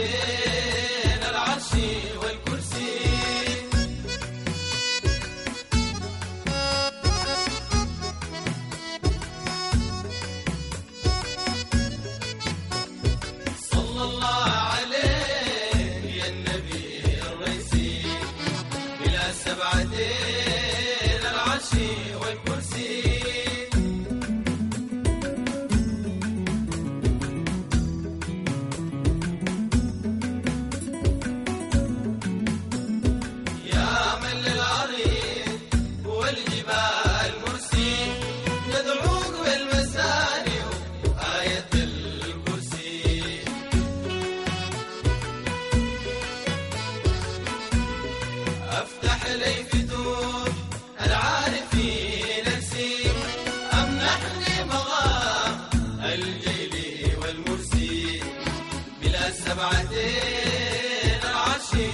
Yeah. السبعتين العشي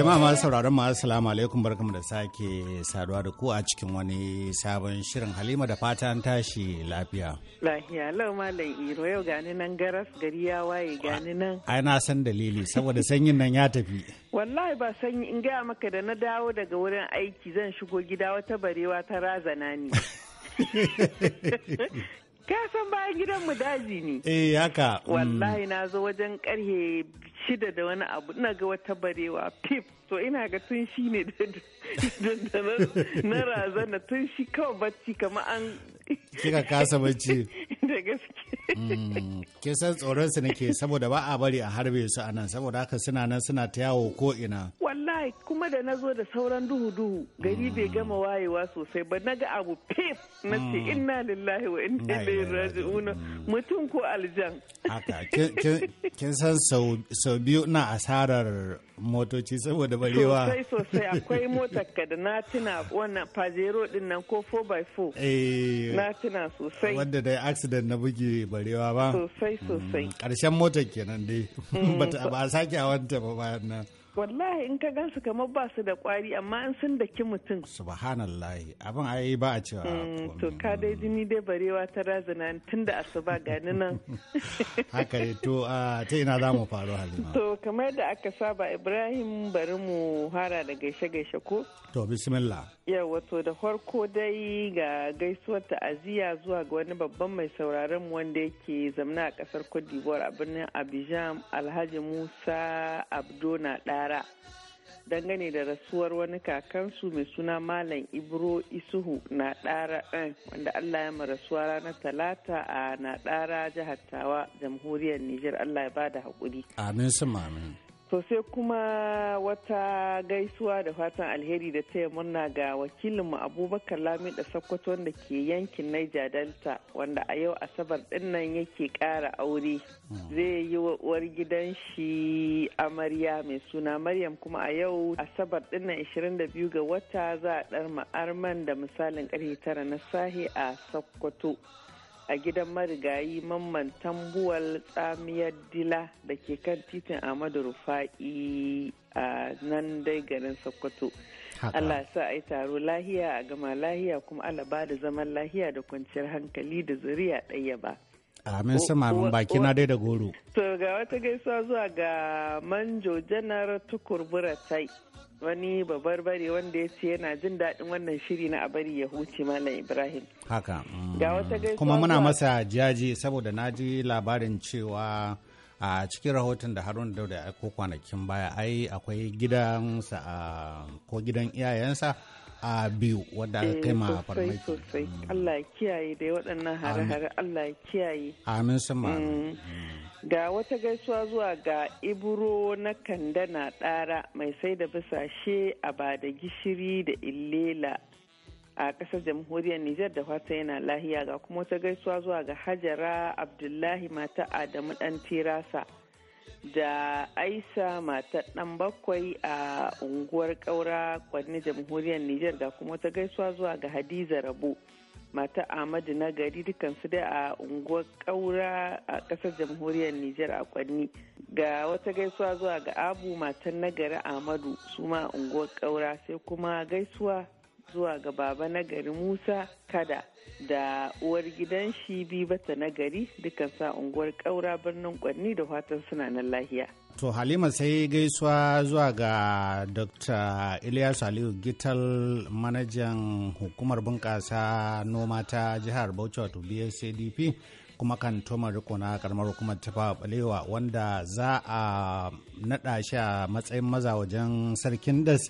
Jama'a masu sauraron mu assalamu alaikum barkamu da sake saduwa da ku a cikin wani sabon shirin Halima da fatan tashi lafiya. Lafiya lau malam Iro yau gani nan garas gari ya waye gani nan. Ai na san dalili saboda sanyin nan ya tafi. Wallahi ba sanyi in gaya maka da na dawo daga wurin aiki zan shigo gida wata barewa ta razana ni. ka san bayan gidan mu daji ne. Eh haka. Mm. Wallahi na zo wajen karhe shida da wani abu ina ga wata barewa pip to ina ga tun shi ne da na razana tun shi kawai bacci kamar an kika kasa bacci da gaske Kin san tsoron su nake saboda ba a bari a harbe su anan saboda haka suna nan suna ta yawo ko ina. Wallahi kuma da na zo da sauran duhu duhu gari bai mm. gama wayewa sosai ba na ga abu pep na ce mm. inna lillahi wa inna ilaihi raji'un mutum ko aljan. Haka kin san sau biyu na asarar motoci saboda barewa. Sosai sosai akwai motar ka da na tuna wannan pajero din nan ko 4x4. Eh. Na tuna sosai. Wanda dai accident na buge ba barewa ba sosai sosai mm, ƙarshen motar kenan dai eh, ba a sake a ta ba bayan nan wallahi in ka gansu kamar ba su da kwari amma an sun daki mutum subhanallahi abin yi ba a cewa mm, to ka dai jini dai barewa ta razana tun da asuba gani nan haka ne to ta ina za mu faru halima to kamar da aka saba ibrahim bari mu hara da gaishe gaishe ko to bismillah yawa to da farko dai ga gaisuwar ta'aziyya zuwa ga wani babban mai sauraron mu wanda yake zamna a kasar cote d'ivoire a birnin abidjan alhaji musa abdona ɗaya Yara dangane da rasuwar wani kakansu mai suna Malam Ibro Isuhu na ɗara ɗan wanda Allah ya rasuwa ranar Talata a na ɗara jihar Tawa jamhuriyar Nijar Allah ya bada haƙuri. Amin amin. sosai kuma wata gaisuwa da fatan alheri da taya murna ga wakilinmu abubakar lami da sakkwato wanda ke yankin Niger Delta wanda a yau asabar dinnan yake ƙara aure hmm. zai yi wa uwar gidan shi amarya mai suna Maryam kuma a yau asabar dinnan 22 ga wata za a ɗar ma'arman da misalin ƙarfe tara na sahi a sakkwato. a gidan marigayi mamman tambuwal tsamiyar dila da ke kan titin amadu rufa'i a nan dai garin sokoto allah sa a yi taro lahiya a gama lahiya kuma ba da zaman lahiya da kwanciyar hankali da zuriya ɗaya ba Amin sama min baki na dai da goro. To ga wata gaisuwa zuwa ga manjo janar tukur buratai wani babar bari wanda ya ce yana jin daɗin wannan shiri na abari ya huce malam ibrahim haka mm, kuma muna masa jaji saboda na ji labarin cewa a cikin rahoton da harun dauda ya ko kwanakin baya ai akwai gidansa ko gidan iyayensa a biyu wadda aka kai ma eh, farmaki sosai mm. Allah ya kiyaye da waɗannan hare-hare Allah ya kiyaye amin Ga wata gaisuwa zuwa ga Ibro na na Ɗara mai sai da bisashe a bada gishiri da illela a ƙasar jamhuriyar Nijar da fata yana lahiya ga kuma wata gaisuwa zuwa ga Hajara Abdullahi mata Adamu ɗan Tirasa da Aisa mata ɗan bakwai a unguwar ƙaura kwanne jamhuriyar Nijar ga kuma wata gaisuwa zuwa ga Hadiza Rabo. mata Ahmadu nagari gari dukansu dai a unguwar kaura a ƙasar jamhuriyar Nijar a Kwanni. Ga wata gaisuwa zuwa ga Abu matan nagari Ahmadu su ma unguwar kaura sai kuma gaisuwa zuwa ga baba nagari Musa Kada da uwar gidan shi Bibata nagari a unguwar kaura birnin Kwanni da fatan suna nan lahiya. To Halima sai gaisuwa zuwa ga Dr. ilyasu Aliyu Gital manajan hukumar bunƙasa noma ta jihar Bauchi wato bscdp kuma kan toma riko na karamar hukumar tafa balewa wanda za a naɗa shi a matsayin maza wajen sarkin das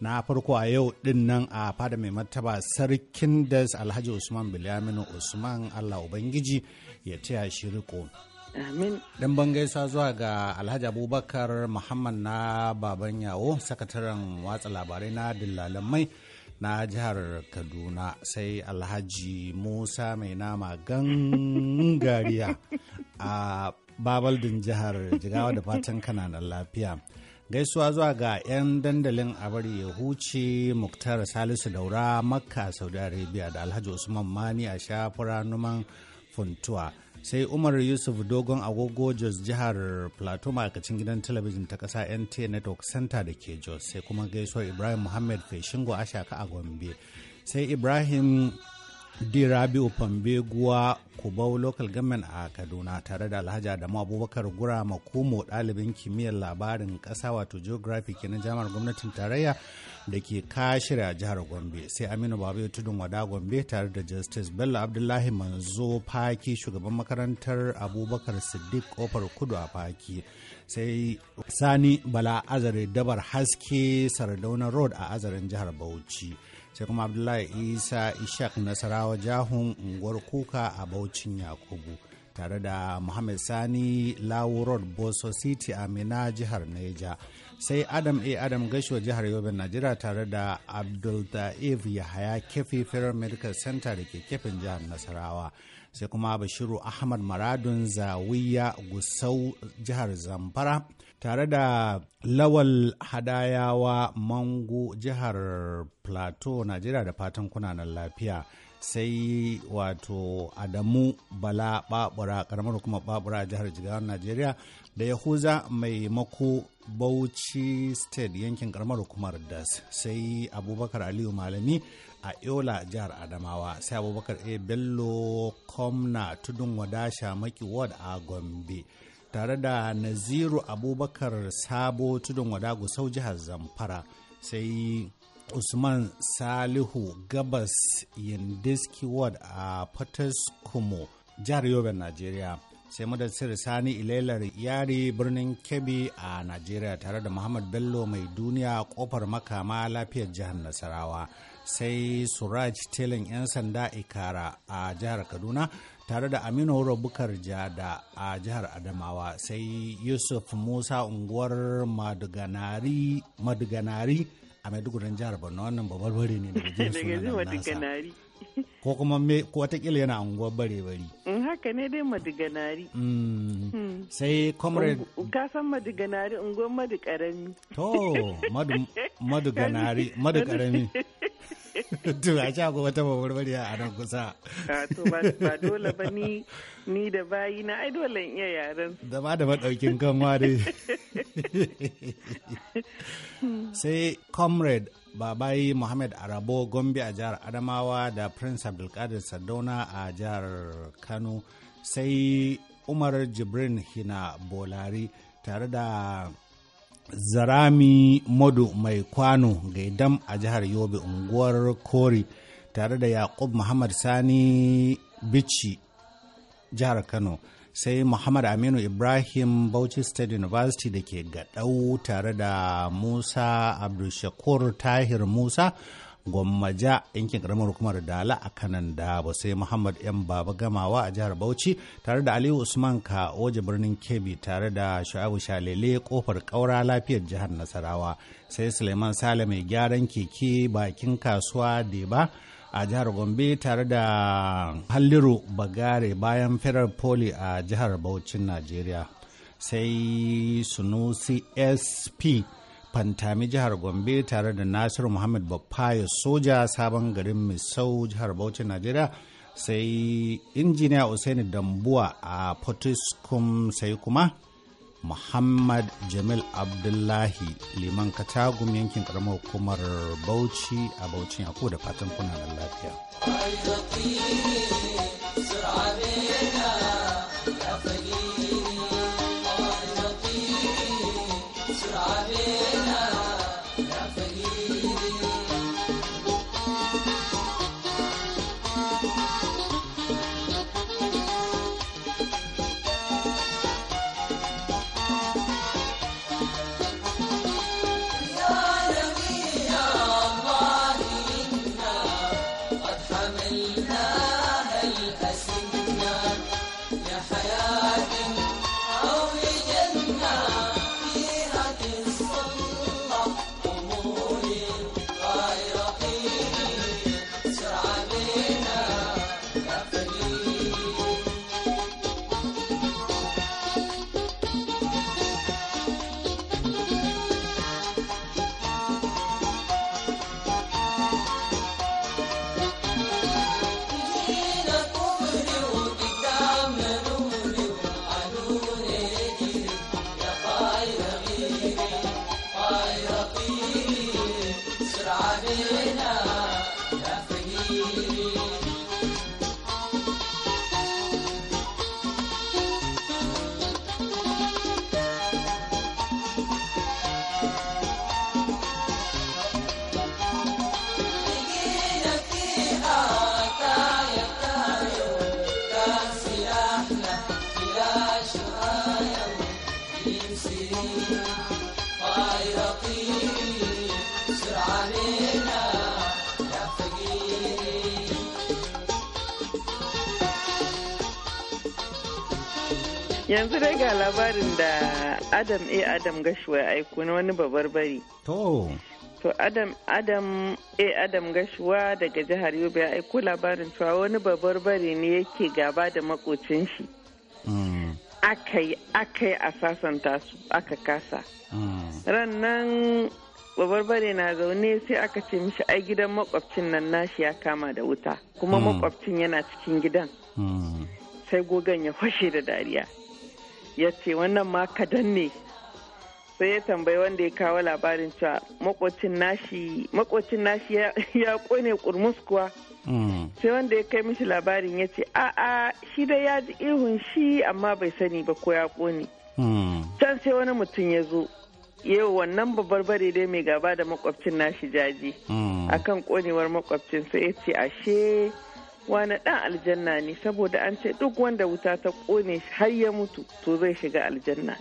na farko a yau din nan a fada mai martaba sarkin das alhaji usman bilyaminu usman allah ubangiji ya taya shi riko Amin. ban gaisa zuwa ga Alhaji Abubakar Muhammad na Baban Yawo, sakataren watsa labarai na dillalan mai na jihar Kaduna sai Alhaji Musa mai nama gangariya a babaldin jihar Jigawa da fatan kananan lafiya. Gaisuwa zuwa ga 'yan dandalin abari ya huce Muktar Salisu Daura Makka Saudi Arabia da Alhaji Usman Mani a shafura numan funtuwa. sai umar yusuf dogon agogo jos jihar plateau ma'aikacin gidan talabijin ta kasa nt network center da ke jos sai kuma gaisuwar ibrahim muhammad feshingo ashaka a gombe sai ibrahim di rabiu pambeguwa kubau local government a kaduna tare da alhaji adamu abubakar gura makomo ɗalibin kimiyyar labarin ƙasa wato geography na jami'ar gwamnatin tarayya da ke kashira jihar gombe sai aminu babu tudun wada gombe tare da justice bello abdullahi manzo faki shugaban makarantar abubakar siddiq kofar kudu a faki sai sani bala azare dabar haske sardauna road a azaren jihar bauchi sai kuma abdullahi isa ishaq nasarawa jahun unguwar kuka a baucin yakubu tare da muhammad sani lawo road boso city a mina jihar neja sai adam a adam gashiwa jihar yobe najeriya tare da abdul da'if yahaya kefi federal medical center da ke kefin jihar nasarawa sai kuma bashiru ahmad maradun zawiya gusau jihar zamfara tare da lawal hadayawa mango jihar plateau najeriya da fatan kunanan lafiya sai wato adamu bala babura karamar hukumar babura jihar jigawar najeriya da yahuza mai bauchi state yankin karamar hukumar das sai abubakar aliyu malami a Eola jihar Adamawa sai Abubakar A Bello Komna tudun wadasha maki ward a Gombe tare da Naziru Abubakar Sabo tudun wada gusau jihar Zamfara sai Usman Salihu Gabas Yindiski ward a Fataskumo jihar Yobe Najeriya sai madassir sani ilailar yari birnin kebbi a najeriya tare da muhammad bello mai duniya kofar makama lafiyar jihar nasarawa sai suraj telin 'yan sanda ikara a jihar kaduna tare da aminu horo bukar jada a jihar adamawa sai yusuf musa unguwar maduganari a maidugurin jihar borno wannan babbar bare ne daga jin sunan ko kuma ko watakila yana unguwar bare bari haka ne dai maduganari hmm. Hmm. sai comrade ka san maduganari unguwar madu karami to madu maduganari madu karami to a sha ko wata babarwariya a nan kusa to ba dole ba ni ni da bayi na ai dole in iya yaren da ba da madaukin kanwa dai sai comrade babayi Muhammad Arabo Gombe a jihar Adamawa da Prince Abdulkadir Sardauna a jihar Kano sai Umar Jibrin Hina Bolari tare da zarami modu mai kwano gaidam a jihar yobe unguwar kori tare da yakub muhammad sani bici jihar kano sai muhammad aminu ibrahim bauchi state university da ke gaɗau tare da musa abdulshakur tahir musa gwammaja yankin karamar hukumar dala a kanan Ba sai muhammad yan baba gamawa a jihar bauchi tare da aliyu usman ka oje birnin kebbi tare da shu'abu shalele kofar kaura lafiyar jihar nasarawa sai suleiman sale mai gyaran keke bakin kasuwa deba a jihar gombe tare da halliru bagare bayan firar poli a jihar bauchin najeriya sai sunusi sp fantami jihar gombe tare da nasiru muhammad bafayo soja sabon garin misau jihar bauchi najeriya sai injiniya usaini dambuwa a potiskum sai kuma muhammad jamil abdullahi liman katagum yankin karamar hukumar bauchi a bauchi a da fatan kuna lafiya yanzu dai ga labarin da adam a adam gashuwa ya aiko na wani babar bari to adam adam a adam gashuwa daga jihar yobe ya aiko labarin cewa wani babar bari ne yake gaba da makocin shi mm. aka yi a sasanta su aka kasa hmm. Rannan nan na zaune sai aka ce mishi ai gidan makwabcin nan nashi ya kama da wuta kuma hmm. makwabcin yana cikin gidan hmm. sai gogan ya fashe da dariya ya ce wannan ma kadan ne sai ya tambayi wanda ya kawo labarin cewa makocin nashi ya kone kurmus kuwa mm. sai wanda ya kai mishi labarin ya ce a'a shi dai ya ji ihun shi amma bai sani ba ko ya kone mm. can sai wani mutum ya zo yau wannan babbar bare dai mai gaba da makwabcin nashi jaji mm. akan konewar makwabcin sai ya ce ashe wani dan aljanna ne saboda an ce duk wanda wuta ta kone har ya mutu to zai shiga aljanna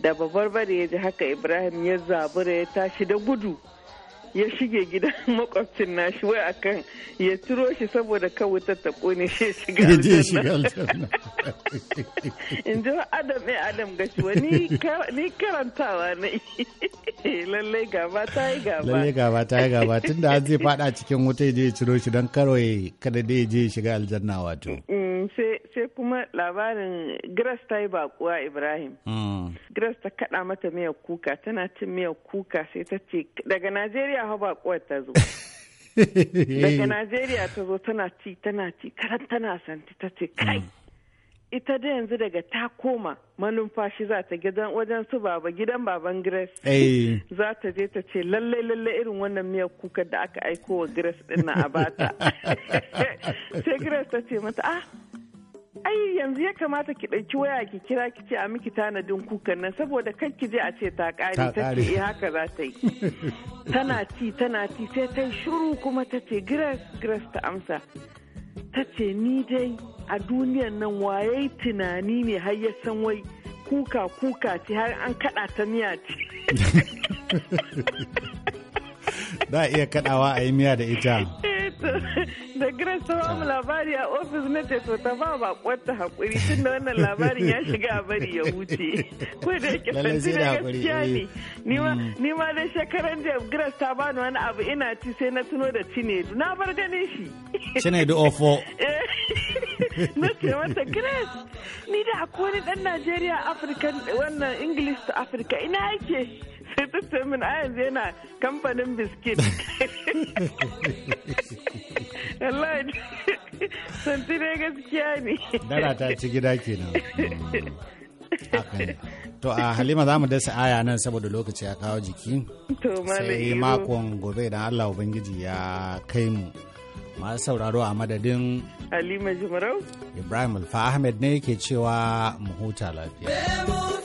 da babbar bare ya ji haka ibrahim ya zabura ya tashi da gudu ya shige gidan makwabcin nashi wai akan ya ciro shi saboda kan ta ta kone shi ya shiga aljanna in ji adam ya eh, adam shi wani ni karantawa ne lallai gaba ta yi gaba lallai gaba ta yi gaba tun da zai fada cikin wuta ya je ya ciro shi don karo kada dai ya je ya shiga aljanna wato mm, sai kuma labarin Gras ta yi bakuwa ibrahim mm. Gras ta kada mata miyar kuka tana cin miyar kuka sai ta ce daga najeriya Najeriya hau ba kuwar ta zo. Daga Najeriya ta zo tana ci tana ci karan tana santi ta ce kai. Ita da yanzu daga ta koma manumfashi za ta gidan wajen su baba gidan baban Grace. Za ta je ta ce lallai lallai irin wannan miyar kuka da aka aiko wa Grace din na a bata. Sai Grace ta ce mata ah ai yanzu ya kamata ki ɗauki waya ki kira ki ce a miki tanadin kukan nan saboda kan ki je a ce ta ƙare ta ce eh haka za ta yi tana ci tana ci sai ta yi shiru kuma ta ce giras giras ta amsa ta ce ni dai a duniyan nan waye tunani ne har ya san wai kuka kuka ce har an kaɗa ta miya ce za iya kaɗawa a yi miya da ita eh, da grace ta ba labari a ofis na teso ta ba ba kwata hakuri tun da wannan labarin ya shiga a bari ya wuce ko da yake santi da gaskiya ne eh. ni ma mm. da shekaran jiya grace ta bani wani abu ina ci sai na tuno da cinedu na bar ganin shi cinedu ofo eh. na ce mata grace ni da akwai wani dan najeriya afirka wannan english to africa ina yake sai ta min a yanzu yana kamfanin biskit wallahi santi dai gaskiya ne dara ta ci gida kenan to a halima za mu dasa aya nan saboda lokaci ya kawo jiki sai makon gobe idan allah ubangiji ya kai mu masu sauraro a madadin halima Jumarau. ibrahim alfa ahmed ne yake cewa mu huta lafiya